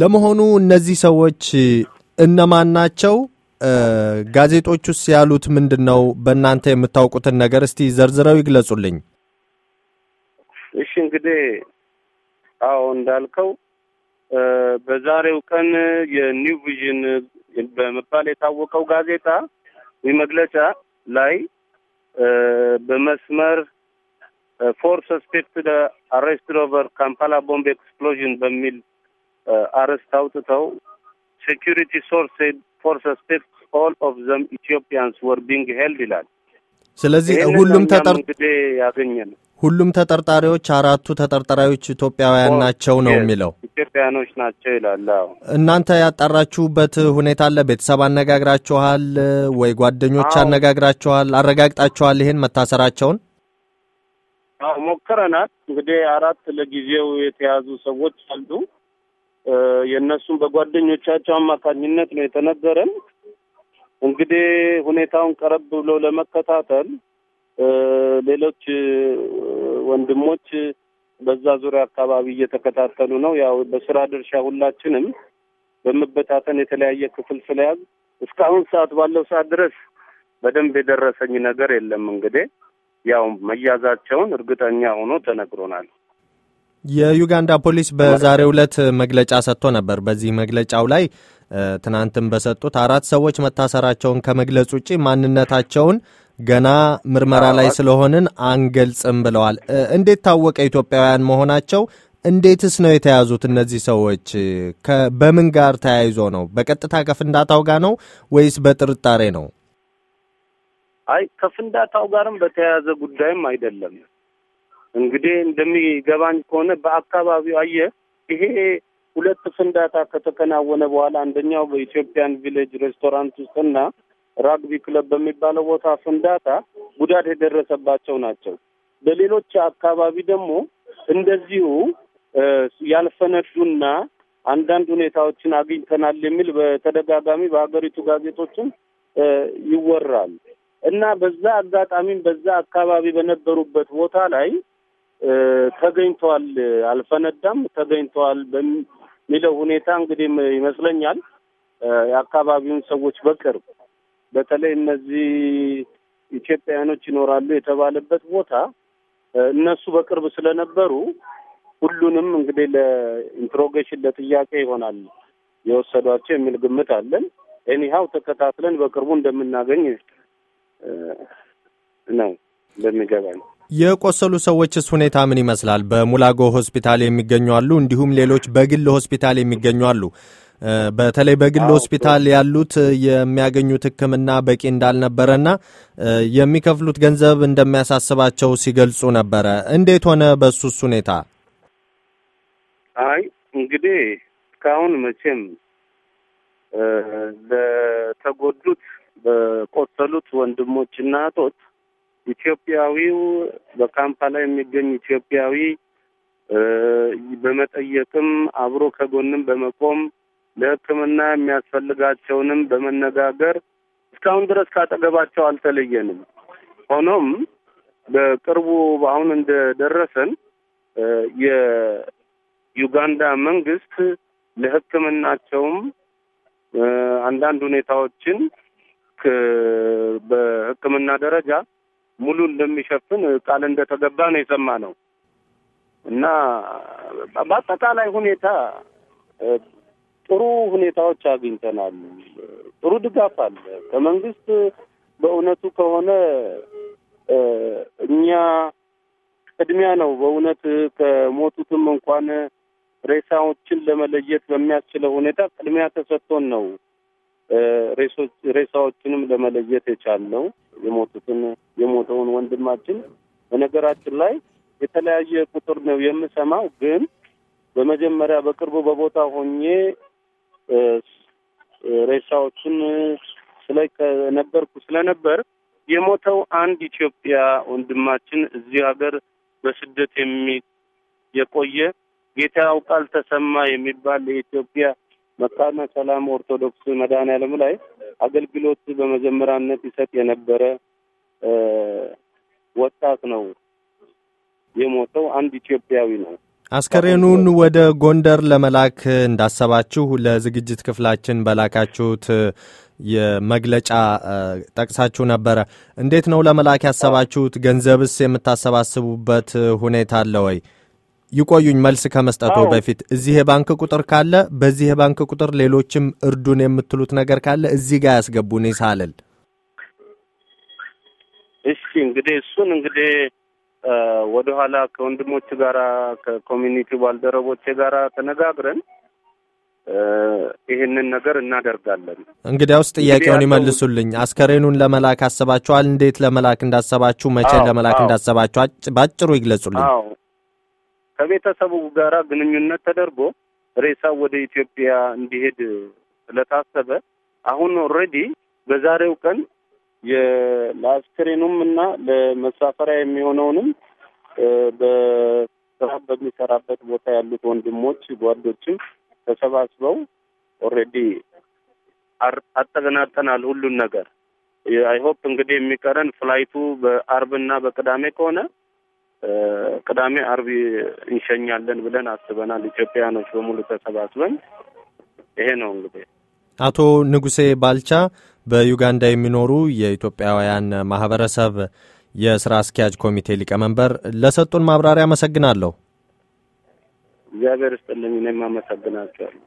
ለመሆኑ እነዚህ ሰዎች እነማን ናቸው? ጋዜጦች ውስጥ ያሉት ምንድን ነው? በእናንተ የምታውቁትን ነገር እስቲ ዘርዝረው ይግለጹልኝ። እሺ እንግዲህ አዎ እንዳልከው በዛሬው ቀን የኒው ቪዥን በመባል የታወቀው ጋዜጣ መግለጫ ላይ በመስመር ፎር ሰስፔክትድ አሬስትድ ኦቨር ካምፓላ ቦምብ ኤክስፕሎዥን በሚል አርዕስት አውጥተው ሴኪሪቲ ሶርስ ፎርሰስ ቴክስ ኦል ኦፍ ዘም ኢትዮጵያንስ ወር ቢንግ ሄልድ ይላል። ስለዚህ ሁሉም ያገኘ ነው። ሁሉም ተጠርጣሪዎች አራቱ ተጠርጣሪዎች ኢትዮጵያውያን oh, ናቸው ነው የሚለው። ኢትዮጵያኖች ናቸው ይላል። እናንተ ያጣራችሁበት ሁኔታ አለ? ቤተሰብ አነጋግራችኋል ወይ? ጓደኞች አነጋግራችኋል? አረጋግጣችኋል ይሄን መታሰራቸውን? አዎ ሞክረናል። እንግዲህ አራት ለጊዜው የተያዙ ሰዎች አሉ። የእነሱም በጓደኞቻቸው አማካኝነት ነው የተነገረን። እንግዲህ ሁኔታውን ቀረብ ብሎ ለመከታተል ሌሎች ወንድሞች በዛ ዙሪያ አካባቢ እየተከታተሉ ነው። ያው በስራ ድርሻ ሁላችንም በመበታተን የተለያየ ክፍል ስለያዝ እስካሁን ሰዓት ባለው ሰዓት ድረስ በደንብ የደረሰኝ ነገር የለም። እንግዲህ ያው መያዛቸውን እርግጠኛ ሆኖ ተነግሮናል። የዩጋንዳ ፖሊስ በዛሬው ዕለት መግለጫ ሰጥቶ ነበር። በዚህ መግለጫው ላይ ትናንትም በሰጡት አራት ሰዎች መታሰራቸውን ከመግለጽ ውጪ ማንነታቸውን ገና ምርመራ ላይ ስለሆንን አንገልጽም ብለዋል። እንዴት ታወቀ ኢትዮጵያውያን መሆናቸው? እንዴትስ ነው የተያዙት? እነዚህ ሰዎች በምን ጋር ተያይዞ ነው? በቀጥታ ከፍንዳታው ጋር ነው ወይስ በጥርጣሬ ነው? አይ ከፍንዳታው ጋርም በተያያዘ ጉዳይም አይደለም። እንግዲህ እንደሚገባኝ ከሆነ በአካባቢው አየ ይሄ ሁለት ፍንዳታ ከተከናወነ በኋላ አንደኛው በኢትዮጵያን ቪሌጅ ሬስቶራንት ውስጥና ራግቢ ክለብ በሚባለው ቦታ ፍንዳታ ጉዳት የደረሰባቸው ናቸው። በሌሎች አካባቢ ደግሞ እንደዚሁ ያልፈነዱና አንዳንድ ሁኔታዎችን አግኝተናል የሚል በተደጋጋሚ በሀገሪቱ ጋዜጦችን ይወራል እና በዛ አጋጣሚም በዛ አካባቢ በነበሩበት ቦታ ላይ ተገኝተዋል፣ አልፈነዳም፣ ተገኝተዋል በሚለው ሁኔታ እንግዲህ ይመስለኛል የአካባቢውን ሰዎች በቅርብ በተለይ እነዚህ ኢትዮጵያውያኖች ይኖራሉ የተባለበት ቦታ እነሱ በቅርብ ስለነበሩ ሁሉንም እንግዲህ ለኢንትሮጌሽን ለጥያቄ ይሆናል የወሰዷቸው የሚል ግምት አለን። ኤኒሃው ተከታትለን በቅርቡ እንደምናገኝ ነው ነው። የቆሰሉ ሰዎችስ ሁኔታ ምን ይመስላል? በሙላጎ ሆስፒታል የሚገኙ አሉ፣ እንዲሁም ሌሎች በግል ሆስፒታል የሚገኙ አሉ። በተለይ በግል ሆስፒታል ያሉት የሚያገኙት ሕክምና በቂ እንዳልነበረና የሚከፍሉት ገንዘብ እንደሚያሳስባቸው ሲገልጹ ነበረ። እንዴት ሆነ በሱስ ሁኔታ? አይ እንግዲህ እስካሁን መቼም ለተጎዱት በቆሰሉት ወንድሞችና እህቶች ኢትዮጵያዊው በካምፓላ የሚገኝ ኢትዮጵያዊ በመጠየቅም አብሮ ከጎንም በመቆም ለሕክምና የሚያስፈልጋቸውንም በመነጋገር እስካሁን ድረስ ካጠገባቸው አልተለየንም። ሆኖም በቅርቡ አሁን እንደደረሰን የዩጋንዳ መንግስት ለሕክምናቸውም አንዳንድ ሁኔታዎችን በሕክምና ደረጃ ሙሉ እንደሚሸፍን ቃል እንደተገባ ነው የሰማ ነው እና በአጠቃላይ ሁኔታ ጥሩ ሁኔታዎች አግኝተናል። ጥሩ ድጋፍ አለ ከመንግስት። በእውነቱ ከሆነ እኛ ቅድሚያ ነው በእውነት ከሞቱትም እንኳን ሬሳዎችን ለመለየት በሚያስችለው ሁኔታ ቅድሚያ ተሰጥቶን ነው ሬሳዎችንም ለመለየት የቻልነው የሞቱትን የሞተውን ወንድማችን በነገራችን ላይ የተለያየ ቁጥር ነው የምሰማው። ግን በመጀመሪያ በቅርቡ በቦታ ሆኜ ሬሳዎቹን ስለነበርኩ ስለነበር የሞተው አንድ ኢትዮጵያ ወንድማችን እዚህ ሀገር በስደት የሚ የቆየ ጌታ ያውቃል ተሰማ የሚባል የኢትዮጵያ መካነ ሰላም ኦርቶዶክስ መድኃኔዓለም ላይ አገልግሎት በመጀመሪያነት ይሰጥ የነበረ ወጣት ነው የሞተው። አንድ ኢትዮጵያዊ ነው። አስከሬኑን ወደ ጎንደር ለመላክ እንዳሰባችሁ ለዝግጅት ክፍላችን በላካችሁት የመግለጫ ጠቅሳችሁ ነበረ። እንዴት ነው ለመላክ ያሰባችሁት? ገንዘብስ የምታሰባስቡበት ሁኔታ አለ ወይ? ይቆዩኝ። መልስ ከመስጠቱ በፊት እዚህ የባንክ ቁጥር ካለ በዚህ የባንክ ቁጥር ሌሎችም እርዱን የምትሉት ነገር ካለ እዚህ ጋር ያስገቡን ሳልል። እሺ እንግዲህ እሱን እንግዲህ ወደኋላ ከወንድሞች ጋራ ከኮሚኒቲ ባልደረቦቼ ጋራ ተነጋግረን ይህንን ነገር እናደርጋለን። እንግዲያውስ ጥያቄውን ይመልሱልኝ። አስከሬኑን ለመላክ አስባችኋል? እንዴት ለመላክ እንዳሰባችሁ፣ መቼ ለመላክ እንዳሰባችሁ ባጭሩ ይግለጹልኝ። ከቤተሰቡ ጋራ ግንኙነት ተደርጎ ሬሳው ወደ ኢትዮጵያ እንዲሄድ ስለታሰበ አሁን ኦልሬዲ በዛሬው ቀን ለአስክሬኑም እና ለመሳፈሪያ የሚሆነውንም በስራ በሚሰራበት ቦታ ያሉት ወንድሞች ጓዶችም ተሰባስበው ኦልሬዲ አጠገናጠናል ሁሉን ነገር። አይሆፕ እንግዲህ የሚቀረን ፍላይቱ በአርብና በቅዳሜ ከሆነ ቅዳሜ፣ አርብ እንሸኛለን ብለን አስበናል። ኢትዮጵያኖች በሙሉ ተሰባስበን ይሄ ነው እንግዲህ። አቶ ንጉሴ ባልቻ በዩጋንዳ የሚኖሩ የኢትዮጵያውያን ማህበረሰብ የስራ አስኪያጅ ኮሚቴ ሊቀመንበር ለሰጡን ማብራሪያ አመሰግናለሁ። እግዚአብሔር ይስጥልኝ። እኔም አመሰግናቸዋለሁ።